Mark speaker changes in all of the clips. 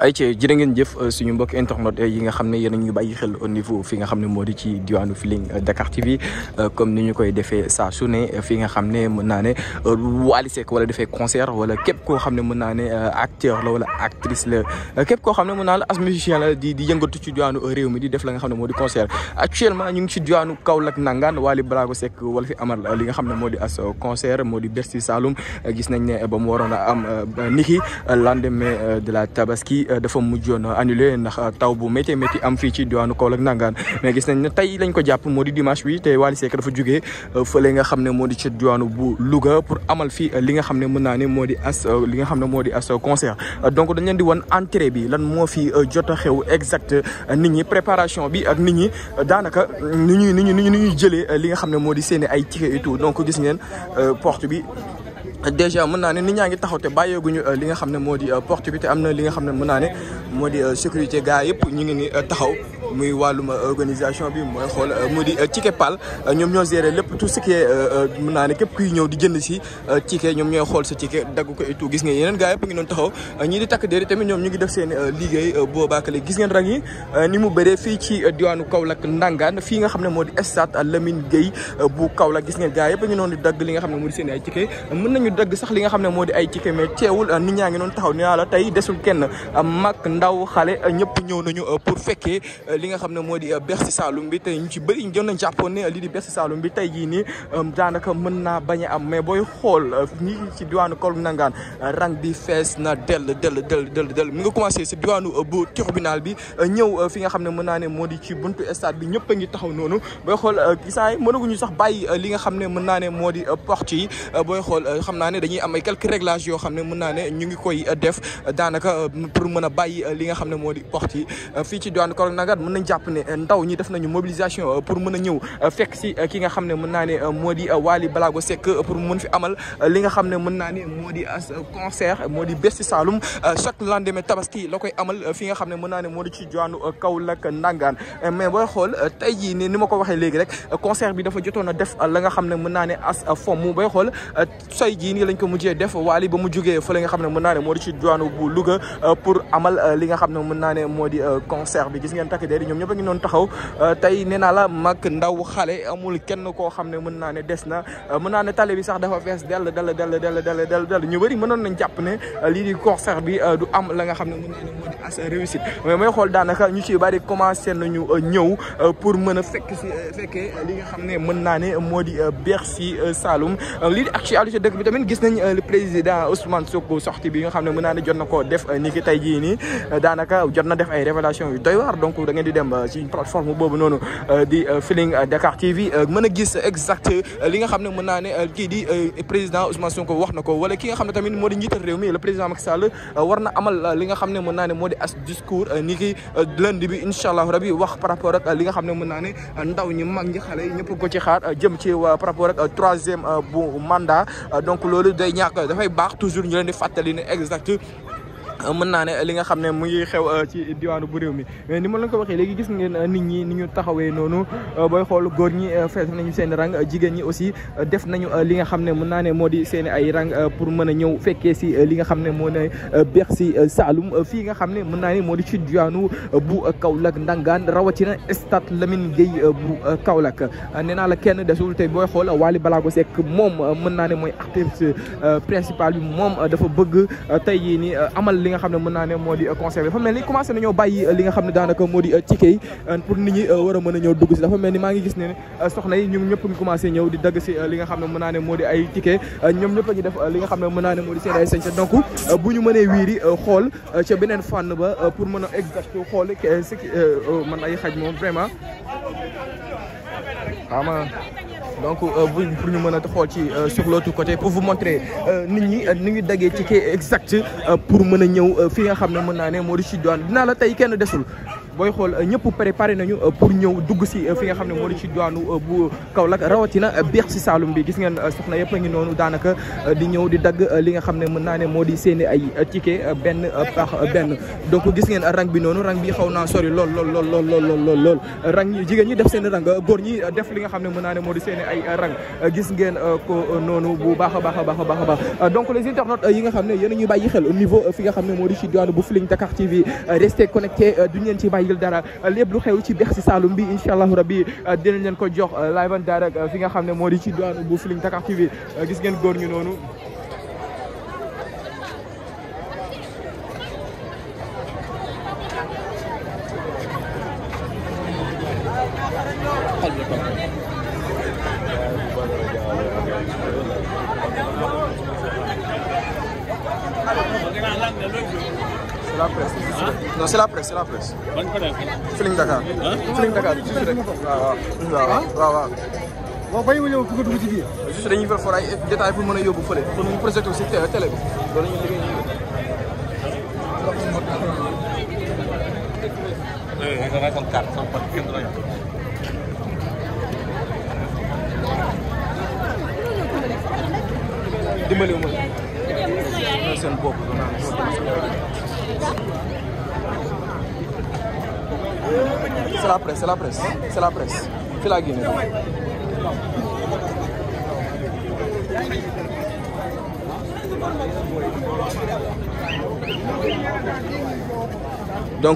Speaker 1: ay ci jërë ngeen jëf euh, suñu mbokk internet euh, yi nga xam ne yéen a ñu bàyyi xel au niveau fi nga xam ne moo di ci diwaanu Feeling euh, Dakar TV comme ni ñu koy defee saa su ne fi nga xam ne mën naa ne Wally Seck wala defee concert wala képp koo xam ne mën naa ne acteur la wala actrice la képp koo xam ne mën naa la as musicien di di ci diwaanu réew mi la nga xam ne moo di concert actuellement ñu ngi ci diwaanu Kaolack nangaan Wally Ballago Seck wala fi amal li nga xam ne moo di as concert moo di Bercy Saloum gis nañ ne ba mu waroon a am niki lendemain de la Tabaski dafa mujjoon annulé ndax taw bu métti métti am fii ci diwaanu Kaolack nangaan mais gis nañ ne tey lañ ko jàpp moo di dimanche bi te Wally Seck dafa jugee euh, fële nga xam ne moo di ci diwaanu bu euh, li nga xam ne mën naa ne moo di as euh, li nga xam ne moo di as concert donc dañ leen di wan entrée bi lan moo fi jot a xew exact nit ñi préparation bi ak nit ñi daanaka ni ñuy ni ñuy ni ñuy jëlee li nga xam ne moo di seen ay ticket et tout donc gis ngeen porte bi déjà mën naa ne nit ñaa ngi taxaw te bàyyeeguñu euh, li nga xam ne moo di euh, porte bi na li nga xam ne mën naa ne moo euh, sécurité gars yëpp ñu ngi ni taxaw muy wàllum organisation bi mooy xool mu di ticket pal ñoom ñoo géré lépp tout ce qui est naa ne képp kuy ñëw di jënd si ñoom ñooy xool sa ticket dagg ko et gis nga yeneen gars yëpp ngi doon taxaw ñii di takk déeri tamit ñoom ñu ngi def seen liggéey boobaakale gis ngeen yi ni mu bëree fii ci diwaanu Kaolack Ndangaan fii nga xam ne moo di stade Lamine Gueye bu Kaolack gis ngeen gars yëpp ngi noonu di dagg li nga xam ne moo di seen ay ticket dëgg sax li nga xam ne moo di ay ticket mais teewul euh, nit ñaa ngi noonu taxaw nee naa tey desul kenn euh, mag ndaw xale euh, ñëpp ñëw nañu pour fekkee li nga xam ne moo di Bercy Saloum bi tey ñu ci bëri ñu nañ jàppoon ne lii di Bercy Saloum bi tey jii nii daanaka mën naa bañ am mais booy xool ñi ci diwaanu Kolbu Nangaan rang bi na dell dell dell dell dell mu nga commencé si diwaanu bu tribunal bi ñëw fi nga xam ne mën naa ne moo di ci buntu stade bi ñëpp a ngi taxaw noonu booy xool isaay mënaguñu sax bàyyi li nga xam ne mën naa ne moo di porte yi booy xool xam naa ne dañuy am ay quelques réglages yoo xam ne mën naa ne ñu ngi koy euh, def euh, daanaka euh, pour mën a bàyyi li nga xam ne moo di porte yi fii ci diwaanu Kaolack nag mën nañ jàpp ne ndaw ñi def nañu mobilisation pour mën a ñëw fekk si ki nga xam ne mën naa ne moo di Wally Balago Seck pour mën fi amal li nga xam ne mën naa ne moo di concert moo di Besti Saloum chaque lendemain tabaski la koy amal fi nga xam ne mën naa ne moo di ci diwaanu Kaolack Ndangaan mais booy xool tey ji ni ni ma ko waxee léegi rek concert bi dafa jotoon a def la nga xam ne mën naa ne as fomm booy xool tey jii jii nii lañ ko mujjee def Wally ba mu jugee fële nga xam ne mën naa ne moo di ci diwaanu bu Louga euh, pour amal euh, li nga xam ne mën naa ne moo di euh, a ngi noonu taxaw tey nee naa la koo xam ne mën naa ne des na mën naa ne tale bi sax dafa fees dell dell dell dell dell dell dell ñu bëri mënoon nañ jàpp ne lii di concert bi du am la nga xam ne mën naa ne moo di as réussite mais mooy ñu ci bari commencé nañu ñëw pour mën a fekk si fekkee li xam ne mën naa ne moo di Bercy Saloum lii dëkk bi tamit tamit gis nañ euh, le président Ousmane Sonko sortie bi nga xam ne mën naa ne jot na ko def euh, ni ki tey jii nii euh, daanaka jot na def ay révélation yu doy waar donc dem ci plateforme boobu noonu di Feeling Dakar TV mën a gis exact li nga xam ne mën naa ne kii di président Ousmane Sonko wax na ko wala ki nga xam ne tamit moo di njiital réew mi le président Macky Sall war na amal li nga xam ne mën naa ne moo di as discours ni ki lundi bi incha allah rabi wax par rapport ak li nga xam ne mën naa ne ndaw ñi mag ñi xale ñëpp ko ci xaar jëm ci par rapport ak troisième bu mandat donc loolu day ñàkk dafay baax toujours ñu leen fàttali ne exact Euh, mën naa ne euh, li nga xam ne mu ngi xew euh, ci diwaanu bu réew mi mais ni ma la ko waxee léegi gis ngeen nit ñi ni ñu taxawee noonu booy xool góor ñi fees nañu seen rang jigéen ñi aussi def nañu li nga xam ne mën naa ne moo di seen ay rang pour mën a ñëw fekkee si li nga xam ne moo ne beex si saalum fii nga xam ne mën naa ne moo di ci diwaanu bu Kaolack ndangaan rawatina stade Lamine Gueye bu kawlak nee naa la kenn desul te booy xool Wally Balago sekk moom mën naa ne mooy artiste principal bi moom dafa bëgg tey jii amal nga xam ne mën naa ne moo di euh, conservé dafa mel ni commencé nañoo bàyyi euh, li nga xam ne daanaka moo di euh, ticket pour nit ñi war a mën a ñëw dugg si dafa mel ni maa ngi gis ne soxna yi ñoom ñëpp ngi commencé ñëw di dagg si li nga xam ne mën naa ne moo di ay ticket ñoom ñëpp a ngi nga xam ne mën naa ne moo di seen ay sañse bu ñu mënee wiiri xool ca beneen fànn ba pour mën a exact xool man ay xaj moom vraiment ama donc euh, pour ñu mën a xool ci euh, sur l' autre côté pour vous montrer euh, nit ñi ni ñu daggee ticket exact pour mën a ñëw fi nga xam ne mën naa ne moo di si douane dinaa la tey kenn desul. booy xool euh, ñëpp préparé nañu euh, pour ñëw dugg si euh, fi nga xam ne moo di ci diwaanu bu Kaolack rawatina beex si Saalum bi gis ngeen soxna yëpp a ngi noonu daanaka di ñëw di dagg li nga xam ne mën naa ne moo di seeni ay ticket benn par benn donc gis ngeen rang bi noonu rang bi xaw naa sori lool lool lool lool lool lool lool def seen rang góor ñi def li nga xam ne mën naa ne moo di seeni ay rang gis ngeen ko noonu a baax a baax a baax a baax donc nga xam ne yéen a ñuy bàyyi xel nga xam ne moo di ci diwaanu bu Feeling Dakar TV restez connectés duñ yëngal lu xew ci Bercy Saloum bi incha allahu rabbi euh, dinañ leen ko jox euh, live and direct euh, fi nga xam ne moo di ci doon bu Feeling Dakar TV gis ngeen góor ñu noonu c'est la presse. non c'est la presse c'est la presse. ban côté. Feeling Dakar. Feeling Dakar juste rek. waaw waaw waaw waaw. waaw bàyyi ma ñëw ku ko dugg ci biir. juste dañuy far for ay détails pour mën a yóbbu fële pour ñu projeté aussi télé télé bi loolu la ñuy liggéey ñu dimbali ma c'est la presse c'est la presse c'est laa génne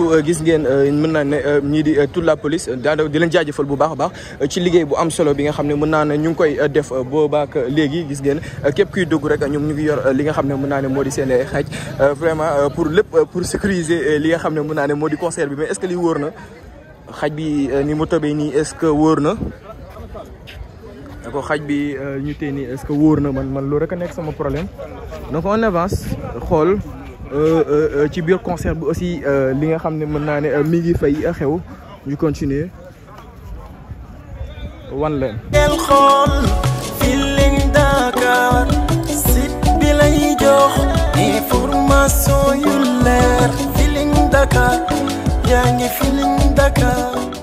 Speaker 1: euh, gis ngeen euh, mën naa ne euh, ñii di toute la police daada di leen jaajëfal bu baax baax ci liggéey bu am solo bi nga xam ne mën naa ne ñu ngi koy def boobaak léegi gis ngeen képp kuy dugg rek ñoom ñu ngi yor li nga xam ne mën naa ne moo di seen xaj vraiment pour lépp pour sécuriser li nga xam ne mun naa ne moo di concert bi mais est-ce que li wóor na xaaj bi euh, ni mu tëbee nii est-ce que wóor na da ko xaj bi euh, ñu tee nii est-ce que wóor na man man loolu rek a nekk sama problème donc on avance xool euh, ci biir concert bi aussi li nga xam ne mën naa ne mi ngi fay xew ñu continuer wan leen. information yu leer Feeling Dakar yaa ngi Feeling Dakar